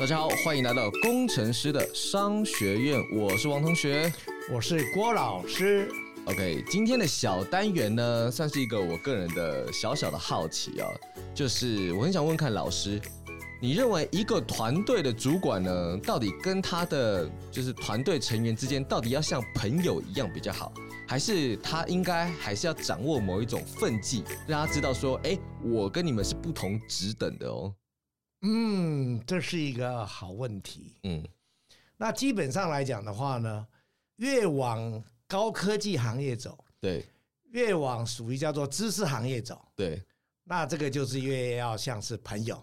大家好，歡迎來到工程師的商學院。我是王同學，我是郭老師。OK，今天的小單元呢，算是一個我個人的小小的好奇啊，就是我很想問問看老師，你認為一個團隊的主管呢，到底跟他的就是團隊成員之間，到底要像朋友一樣比較好，還是他應該還是要掌握某一種分際，讓他知道說，哎，我跟你們是不同職等的哦。嗯，這是一個好問題。嗯，那基本上來講的話呢，越往高科技行業走，對；越往屬於叫做知識行業走，對。那這個就是越要像是朋友，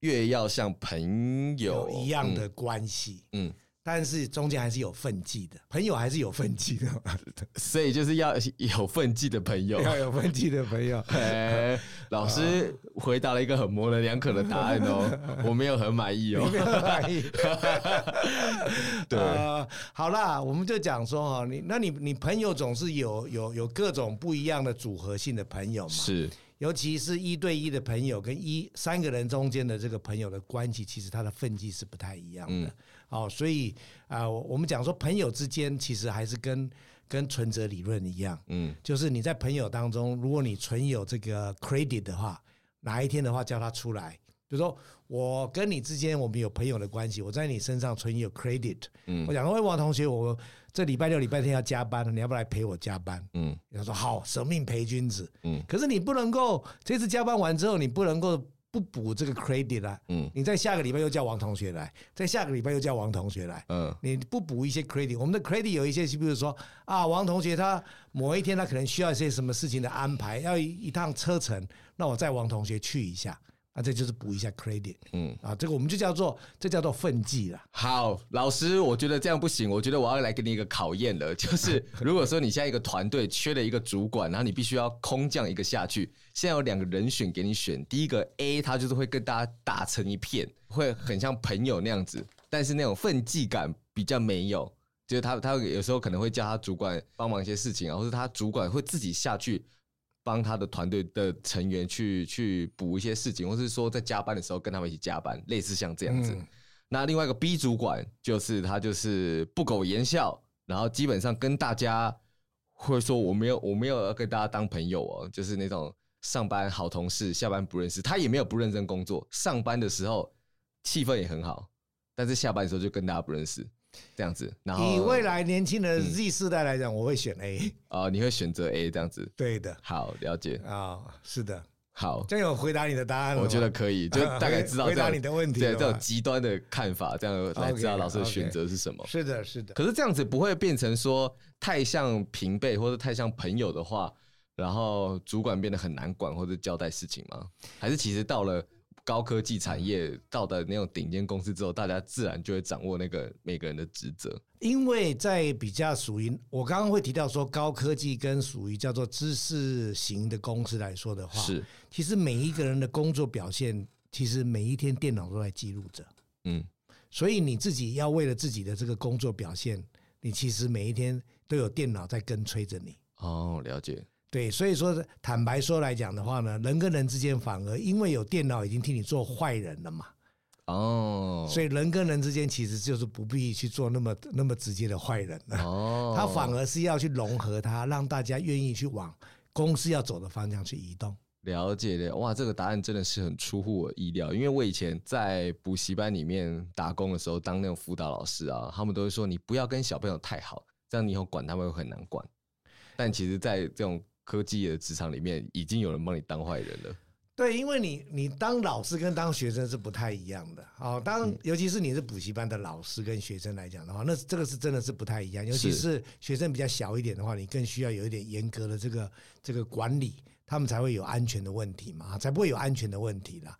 越要像朋友一樣的關係。嗯。嗯但是中間還是有分際的，朋友還是有分際的， 所以就是要有分際的朋友，要有分際的朋友。Hey, 老師回答了一個很模稜兩可的答案哦、喔， 我沒有很滿意哦、喔，沒有很滿意。 對，呃、好啦，我們就講說哈、喔，你那你你朋友總是有有有各種不一樣的組合性的朋友嘛？是，尤其是一對一的朋友跟一三個人中間的這個朋友的關係，其實他的分際是不太一樣的。嗯哦，所以啊、呃，我們講說朋友之間其實還是跟跟存折理論一樣，嗯，就是你在朋友當中，如果你存有這個 credit 的話，哪一天的話叫他出來，比如說我跟你之間我們有朋友的關係，我在你身上存有 credit，嗯我，我講說喂，王同學，我這禮拜六禮拜天要加班，你要不來陪我加班？嗯，他說好，舍命陪君子，嗯，可是你不能夠，這次加班完之後，你不能夠。不補這個 credit 啦、啊，嗯，你在下個禮拜又叫王同學來，在下個禮拜又叫王同學來，嗯，你不補一些 credit，我們的 credit 有一些是比如說啊，王同學他某一天他可能需要一些什麼事情的安排，要一一趟車程，那我載王同學去一下。啊，這就是補一下 credit，嗯，啊，這個我們就叫做這叫做分際了。好，老師，我覺得這樣不行，我覺得我要來給你一個考驗了，就是如果說你現在一個團隊缺了一個主管，然後你必須要空降一個下去，現在有兩個人選給你選，第一個 A 他就是會跟大家打成一片，會很像朋友那樣子，但是那種分際感比較沒有，就是他他有時候可能會叫他主管幫忙一些事情，或是他主管會自己下去。幫他的團隊的成員，去去補一些事情，或是說在加班的時候跟他們一起加班，類似像這樣子。嗯。那另外一個 B 主管，就是他就是不苟言笑，然後基本上跟大家會說我沒有我沒有要跟大家當朋友哦、喔，就是那種上班好同事，下班不認識。他也沒有不認真工作，上班的時候氣氛也很好，但是下班的時候就跟大家不認識。這樣子，然後以未來年輕人 Z 世代來講、嗯，我會選 A。哦，你會選擇 A 這樣子？對的。好，了解啊、哦，是的。好，這樣有回答你的答案嗎？我覺得可以，就大概知道。回答你的問題的，對這種極端的看法，這樣來知道老師的選擇是什麼？Okay, okay, 是的，是的。可是這樣子不會變成說太像平輩或者太像朋友的話，然後主管變得很難管或者交代事情嗎？還是其實到了？高科技產業到達那種頂尖公司之後，大家自然就會掌握那個每個人的職責。因為在比較屬於我剛剛會提到說，高科技跟屬於叫做知識型的公司來說的話，是其實每一個人的工作表現，其實每一天電腦都在記錄着。嗯，所以你自己要為了自己的這個工作表現，你其實每一天都有電腦在跟催着你。哦，了解。對，所以說坦白說來講的話呢，人跟人之間反而因為有電腦已經替你做壞人了嘛。哦。所以人跟人之間其實就是不必去做那麼那麼直接的壞人了。哦。他反而是要去融合他，讓大家願意去往公司要走的方向去移動。了解的，哇，這個答案真的是很出乎我意料，因為我以前在補習班裡面打工的時候，當那種輔導老師啊，他們都會說你不要跟小朋友太好，這樣你以後管他們會很難管。但其實在這種。科技的職場裡面已經有人幫你當壞人了，對，因為你你當老師跟當學生是不太一樣的好、哦，當尤其是你是補習班的老師跟學生來講的話，那這個是真的是不太一樣，尤其是學生比較小一點的話，你更需要有一點嚴格的這個這個管理，他們才會有安全的問題嘛，才不會有安全的問題的。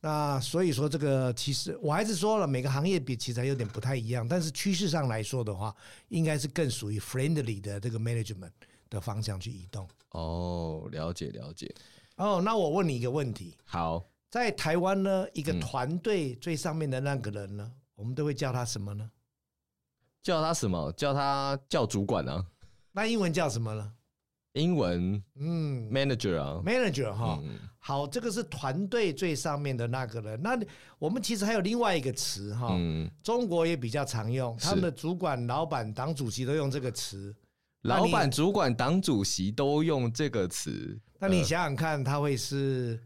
那所以說，這個其實我還是說了，每個行業比起來有點不太一樣，但是趨勢上來說的話，應該是更屬於 friendly 的這個 management。的方向去移動。哦，了解了解。哦，那我問你一個問題。好，在台灣呢，一個團隊最上面的那個人呢、嗯，我們都會叫他什麼呢？叫他什麼？叫他叫主管啊、啊？那英文叫什麼呢？英文，嗯，manager 啊，manager 哈、嗯。好，這個是團隊最上面的那個人。那我們其實還有另外一個詞哈、嗯，中國也比較常用，他們的主管、老闆、黨主席都用這個詞。老闆、主管、黨主席都用這個詞，那你想想看，他會是會、呃、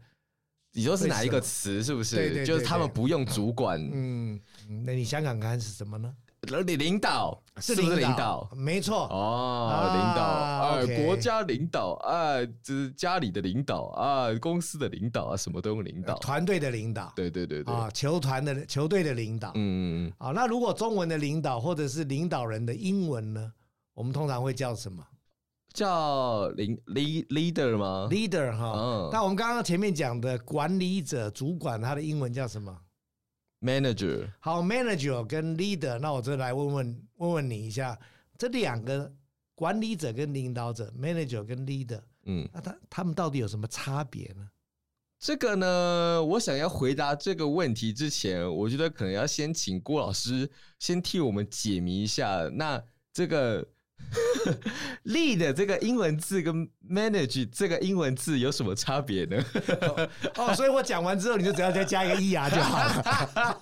你說是哪一個詞？是不是對對對對對？就是他們不用主管。嗯，那你想想看是什麼呢？那你領導，是領導，是，領導是，不是領導，沒錯。哦、啊、領導啊、哎，國家領導啊，就、okay、是、哎、家裡的領導啊，公司的領導啊，什麼都用領導。團隊的領導，對對對對啊，球團的球隊的領導。嗯嗯嗯。啊，那如果中文的領導或者是領導人的英文呢？我們通常會叫什麼？叫領 leader 嗎？leader 哈。那我們剛剛前面講的管理者、主管，他的英文叫什麼？manager 好。好，manager 跟 leader，那我這來問問問問你一下，這兩個管理者跟領導者，manager 跟 leader，嗯，那他他們到底有什麼差別呢？這個呢，我想要回答這個問題之前，我覺得可能要先請郭老師先替我們解謎一下。那這個。 lead 這個英文字跟 Manage 這個英文字有什麼差別呢？哦、oh, oh,，所以我講完之後，你就只要再加一個“ E R 就好了。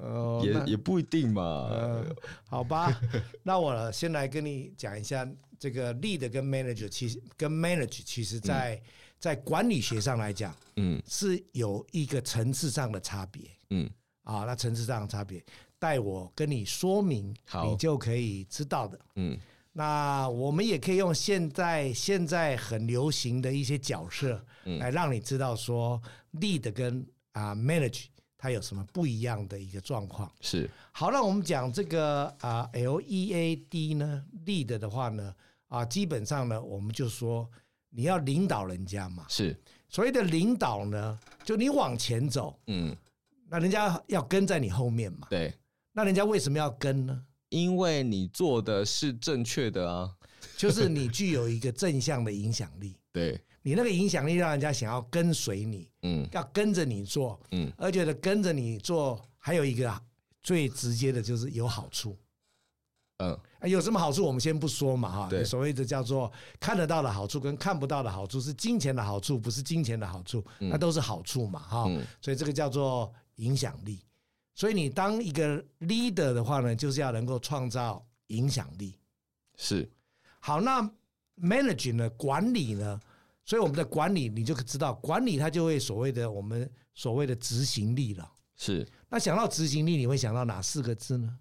哦、 oh,，也也不一定嘛、呃。好吧，那我先來跟你講一下，這個 Lead 跟 Manage 其實跟 Manage 其實在、嗯、在管理學上來講，嗯，是有一個層次上的差別。嗯，啊，那層次上的差別。帶我跟你說明，你就可以知道的。嗯，那我們也可以用現在現在很流行的一些角色，嗯，來讓你知道說、嗯、，lead 跟啊、uh, manage 它有什麼不一樣的一個狀況。是，好，那我們講這個啊、uh,，lead 呢，lead 的話呢，啊、uh,，基本上呢，我們就說你要領導人家嘛。是，所謂的領導呢，就你往前走，嗯，那人家要跟在你後面嘛。對。那人家為什麼要跟呢？因為你做的是正確的啊，就是你具有一個正向的影響力。 對，你那個影響力讓人家想要跟隨你，嗯，要跟着你做，嗯，而覺得跟着你做還有一個、啊、最直接的就是有好處，嗯、啊，有什麼好處我們先不說嘛，哈，所謂的叫做看得到的好處跟看不到的好處，是金錢的好處，不是金錢的好處，那都是好處嘛，哈、嗯，所以這個叫做影響力。所以你當一個 leader 的話呢，就是要能夠創造影響力，是。好，那 managing 呢，管理呢，所以我們的管理你就可知道，管理它就會所謂的我們所謂的執行力了。是。那想到執行力，你會想到哪四個字呢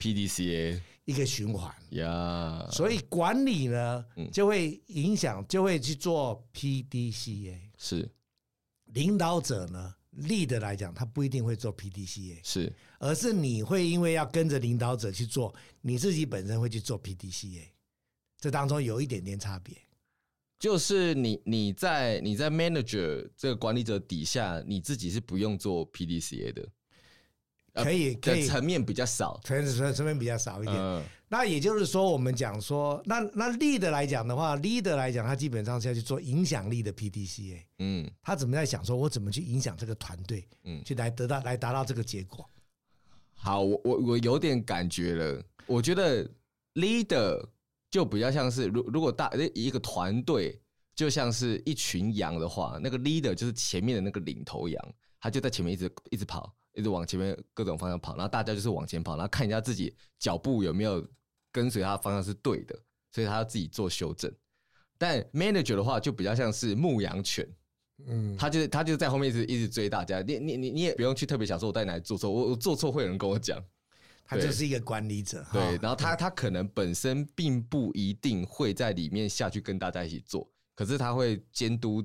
？PDCA 一個循環。呀、yeah。所以管理呢，就會影響、嗯，就會去做 PDCA。是。領導者呢？力的來講，他不一定會做 P D C A，是，而是你會因為要跟着領導者去做，你自己本身會去做 P D C A，這當中有一點點差別。就是你你在你在 manager 這個管理者底下，你自己是不用做 P D C A 的，呃，可以，可以，層面比較少，層面比較少一點。嗯那也就是說，我們講說，那那 leader 來講的話，leader 來講，他基本上是要去做影響力的 PDCA。嗯，他怎麼在想說，我怎麼去影響這個團隊？嗯，去來得到來達到這個結果。好，我我我有點感覺了。我覺得 leader 就比較像是，如如果大一個團隊就像是一群羊的話，那個 leader 就是前面的那個領頭羊，他就在前面一直一直跑，一直往前面各種方向跑，然後大家就是往前跑，然後看一下自己腳步有沒有。跟隨他的方向是對的，所以他要自己做修正。但 manager 的話就比較像是牧羊犬，嗯，他就他就在後面一直一直追大家。你你你也不用去特別想說我帶，我帶你來做錯，我我做錯會有人跟我講。他就是一個管理者，對。哦、對，然後他他可能本身並不一定會在裡面下去跟大家一起做，可是他會監督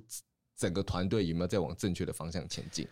整個團隊有沒有在往正確的方向前進。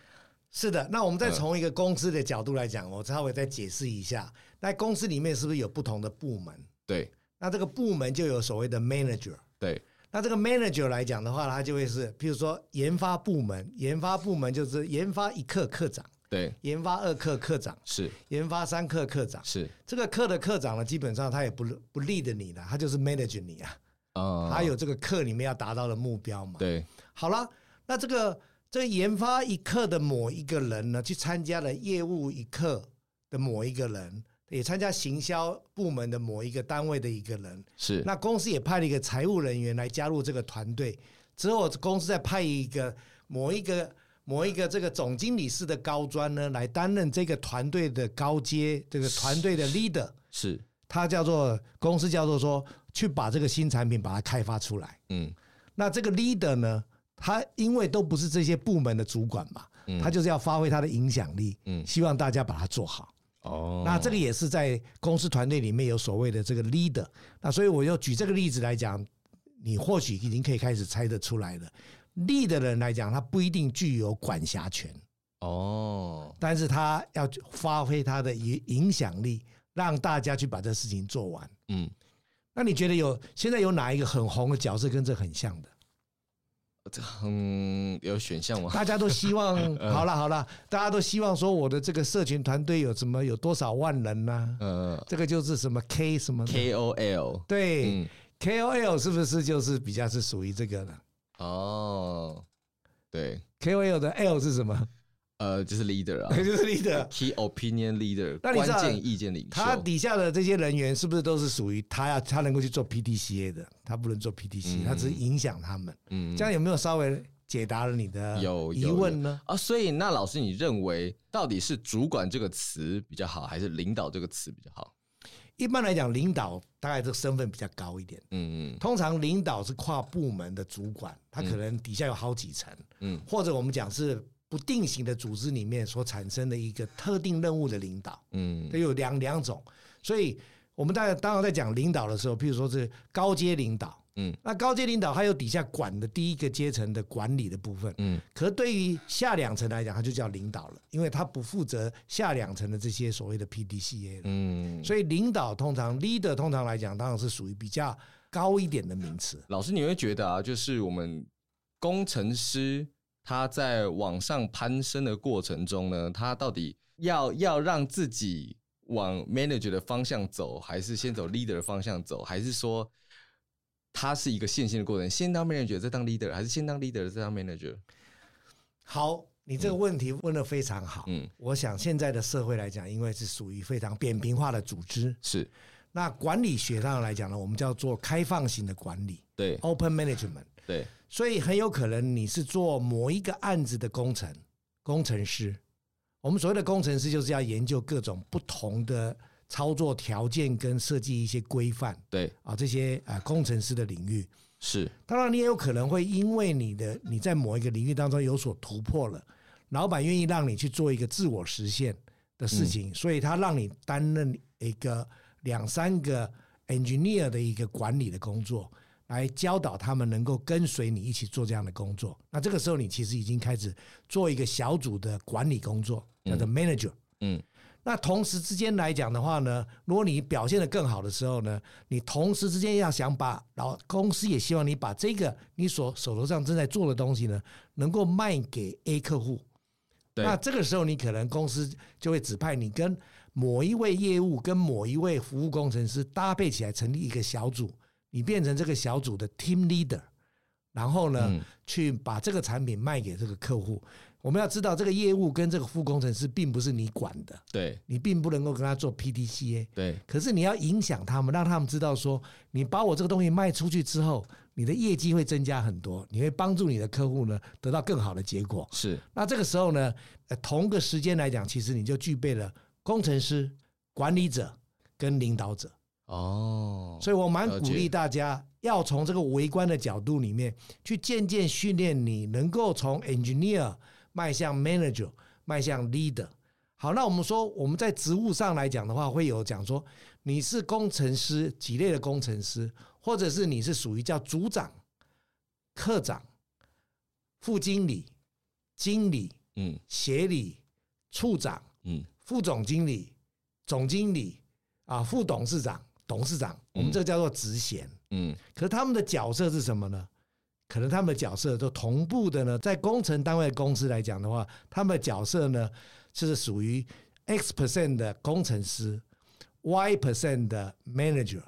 是的，那我們再從一個公司的角度來講、嗯，我稍微再解釋一下。那公司裡面是不是有不同的部門？對，那這個部門就有所謂的 manager。對，那這個 manager 來講的話，他就會是，譬如說研發部門，研發部門就是研發一課課長，對，研發二課課長是，研發三課課長是。這個課的課長呢，基本上他也不不利的你了，他就是 manager 你啊，哦、嗯，他有這個課裡面要達到的目標嘛。對，好了，那這個。這個研發一課的某一個人呢，去參加了業務一課的某一個人，也參加行銷部門的某一個單位的一個人。是，那公司也派了一個財務人員來加入這個團隊。之後，公司再派一個某一個某一個,某一個這個總經理室的高專呢，來擔任這個團隊的高階，這個團隊的 leader 是。是，他叫做公司叫做說去把這個新產品把它開發出來。嗯，那這個 leader 呢？他因為都不是這些部門的主管嘛，他就是要發揮他的影響力，希望大家把它做好。哦，那這個也是在公司團隊裡面有所謂的這個 leader。那所以我要舉這個例子來講，你或許已經可以開始猜得出來了。leader 的人來講，他不一定具有管轄權，哦，但是他要發揮他的影影響力，讓大家去把這事情做完。嗯，那你覺得有現在有哪一個很紅的角色跟這很像的？嗯，有選項嗎？大家都希望， 嗯、好了好了，大家都希望說我的這個社群團隊有什麼，有多少萬人呢啊？嗯，這個就是什麼 K 什麼什麼 KOL 對，嗯，KOL 是不是就是比較是屬於這個了？哦，對，KOL 的 L 是什麼？呃，就是 leader 啊，就是 leader，key opinion leader，那你關鍵意見領袖。他底下的這些人員是不是都是屬於他要、啊、他能夠去做 PDCA 的？他不能做 PDCA、嗯、他只是影響他們。嗯，這樣有沒有稍微解答了你的疑問呢？啊，所以那老師，你認為到底是主管這個詞比較好，還是領導這個詞比較好？一般來講，領導大概這個身份比較高一點。嗯嗯，通常領導是跨部門的主管，他可能底下有好幾層。嗯，或者我們講是。不定型的組織裡面所產生的一個特定任務的領導，嗯，它有兩兩種，所以我們在當然在講領導的時候，譬如說是高階領導，嗯，那高階領導還有底下管的第一個階層的管理的部分，嗯，可對於下兩層來講，它就叫領導了，因為他不負責下兩層的這些所謂的 PDCA 了，嗯，所以領導通常 leader 通，通常來講，當然是屬於比較高一點的名詞。老師，你會覺得啊，就是我們工程師。他在往上攀升的過程中呢，他到底要要讓自己往 manager 的方向走，還是先走 leader 的方向走？還是說他是一個線性的過程，先當 manager 再當 leader，還是先當 leader 再當 manager？好，你這個問題問得非常好。嗯，我想現在的社會來講，因為是屬於非常扁平化的組織，是。那管理學上來講呢，我們叫做開放型的管理，對 open management，對。所以很有可能你是做某一個案子的工程工程師。我們所謂的工程師就是要研究各種不同的操作條件，跟設計一些規範。對啊，這些啊、呃、工程師的領域是。當然你也有可能會因為你的你在某一個領域當中有所突破了，老闆願意讓你去做一個自我實現的事情，嗯、所以他讓你擔任一個兩三個 engineer 的一個管理的工作。來教導他們能夠跟隨你一起做這樣的工作。那這個時候，你其實已經開始做一個小組的管理工作，叫、嗯、做、那個、manager。嗯，那同時之間來講的話呢，如果你表現得更好的時候呢，你同時之間要想把，然後公司也希望你把這個你所手頭上正在做的東西呢，能夠賣給 A 客戶。對。那這個時候，你可能公司就會指派你跟某一位業務跟某一位服務工程師搭配起來成立一個小組。你變成這個小組的 team leader，然後呢，嗯，去把這個產品賣給這個客戶。我們要知道，這個業務跟這個副工程師並不是你管的，對，你並不能夠跟他做 PDCA，對。可是你要影響他們，讓他們知道說，你把我這個東西賣出去之後，你的業績會增加很多，你會幫助你的客戶呢得到更好的結果。是。那這個時候呢，呃，同個時間來講，其實你就具備了工程師、管理者跟領導者。哦、oh，所以我蠻鼓勵大家要從這個微觀的角度裡面去漸漸訓練你能夠從 engineer 邁向 manager 邁向 leader。好，那我們說，我們在職務上來講的話，會有講說你是工程師幾類的工程師，或者是你是屬於叫組長、課長、副經理、經理，嗯、協理、處長，嗯、副總經理、總經理啊、副董事長，董事長，我們這個叫做職銜，嗯。嗯，可是他們的角色是什麼呢？可能他們的角色都同步的呢。在工程單位的公司來講的話，他們的角色呢就是屬於 x percent 的工程師，y percent 的 manager，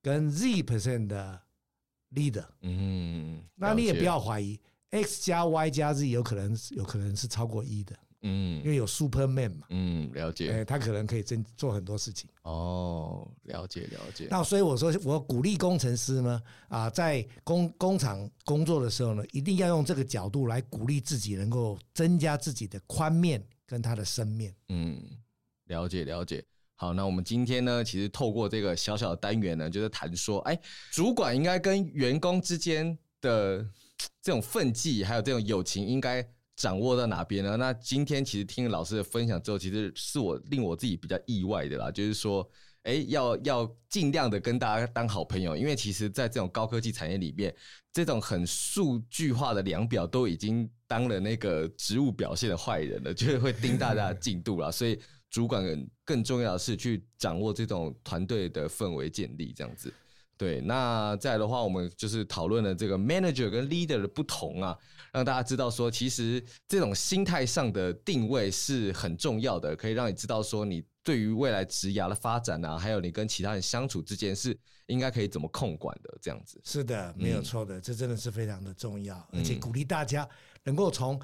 跟 z percent 的 leader。嗯，那你也不要懷疑 x 加 y 加 z 有可能有可能是超過一的。嗯，因為有 superman 嘛。嗯，了解。欸，他可能可以真做很多事情。哦。了解了解，那所以我說，我鼓勵工程師呢，啊、呃，在工工廠工作的時候呢，一定要用這個角度來鼓勵自己，能夠增加自己的寬面跟他的深面。嗯，了解了解。好，那我們今天呢，其實透過這個小小的單元呢，就是談說，哎、欸，主管應該跟員工之間的這種分際，還有這種友情，應該掌握到哪邊呢？那今天其實聽老師的分享之後，其實是我令我自己比較意外的啦，就是說。誒、欸，要要盡量的跟大家當好朋友，因為其實，在這種高科技產業裡面，這種很數據化的量表都已經當了那個職務表現的壞人了，就是會盯大家進度了。 所以主管更重要的是去掌握這種團隊的氛圍建立，這樣子。對，那再來的話，我們就是討論了這個 manager 跟 leader 的不同啊，讓大家知道說，其實這種心態上的定位是很重要的，可以讓你知道說你。對於未來職涯的發展啊，還有你跟其他人相處之間是應該可以怎麼控管的這樣子？是的，沒有錯的，嗯，這真的是非常的重要，而且鼓勵大家能夠從。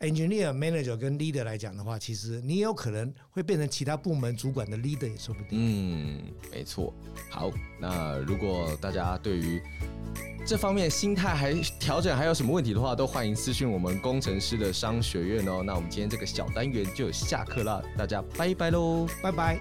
Engineer、Manager 跟 Leader 來講的話，其實你也有可能會變成其他部門主管的 Leader 也說不定。嗯，沒錯。好，那如果大家對於這方面心態還調整還有什麼問題的話，都歡迎私訊我們工程師的商學院哦。那我們今天這個小單元就下課了，大家拜拜嘍，拜拜。